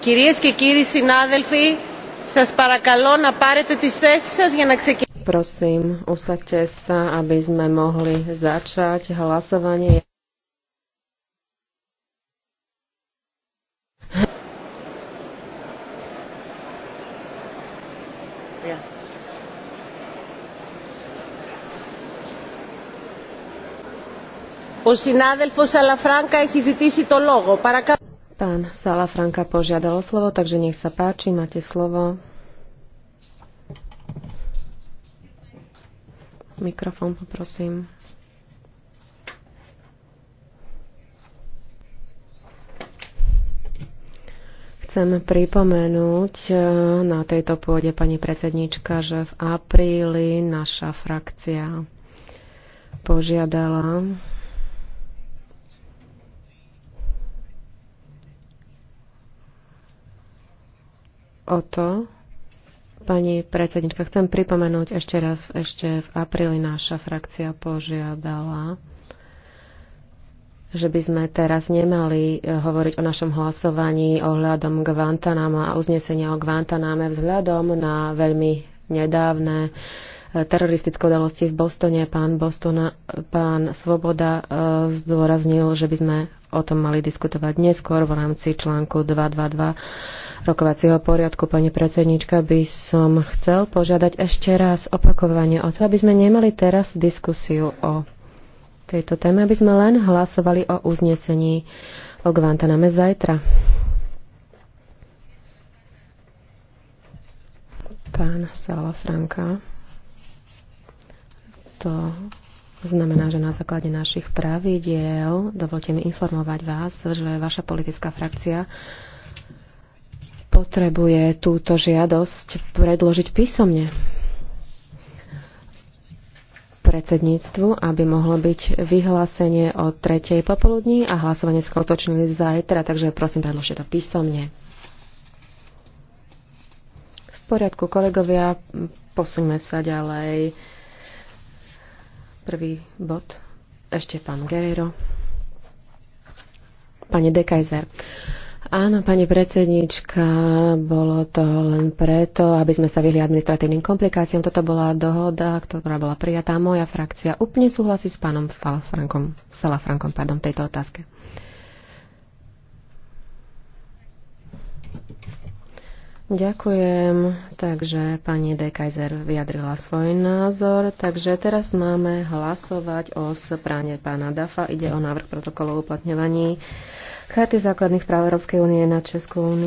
Κυρίες και κύριοι συνάδελφοι, σας παρακαλώ να πάρετε τις θέσεις σας για να ξεκινήσουμε. Prosím, usaďte sa, aby sme mohli začať hlasovanie. Yeah. Ο συνάδελφος έχει ζητήσει το λόγο. Pán Salafranka požiadal o slovo, takže nech sa páči, máte slovo. Mikrofón poprosím. chcem pripomenúť eh, na tejto pôde pani predsednička, že v apríli naša frakcia požiadala o to, pani predsednička, chcem pripomenúť ešte raz, ešte v apríli naša frakcia požiadala, že by sme teraz nemali eh, hovoriť o našom hlasovaní ohľadom Guantanama a uznesenia o Guantaname vzhľadom na veľmi nedávne eh, teroristické udalosti v Bostone. Pán, Bostona, pán Svoboda eh, zdôraznil, že by sme o tom mali diskutovať neskôr v rámci článku 222 rokovacieho poriadku, pani predsednička, by som chcel požiadať ešte raz opakovanie o to, aby sme nemali teraz diskusiu o tejto téme, aby sme len hlasovali o uznesení o Guantaname zajtra. Pána Sala Franka. To znamená, že na základe našich pravidiel, dovolte mi informovať vás, že vaša politická frakcia potrebuje túto žiadosť predložiť písomne predsedníctvu, aby mohlo byť vyhlásenie o tretej popoludní a hlasovanie skutočnili zajtra, takže prosím, predložte to písomne. V poriadku, kolegovia, posuňme sa ďalej. Prvý bod, ešte pán Guerrero. Pani Dekajzer. Áno, pani predsednička, bolo to len preto, aby sme sa vyhli administratívnym komplikáciám. Toto bola dohoda, ktorá bola prijatá. Moja frakcia úplne súhlasí s pánom Falfrankom, Salafrankom pardon, tejto otázke. Ďakujem. Takže pani Dekajzer vyjadrila svoj názor. Takže teraz máme hlasovať o správne pána Dafa. Ide o návrh protokolov uplatňovaní Charty základných práv Európskej únie na Českú úniu.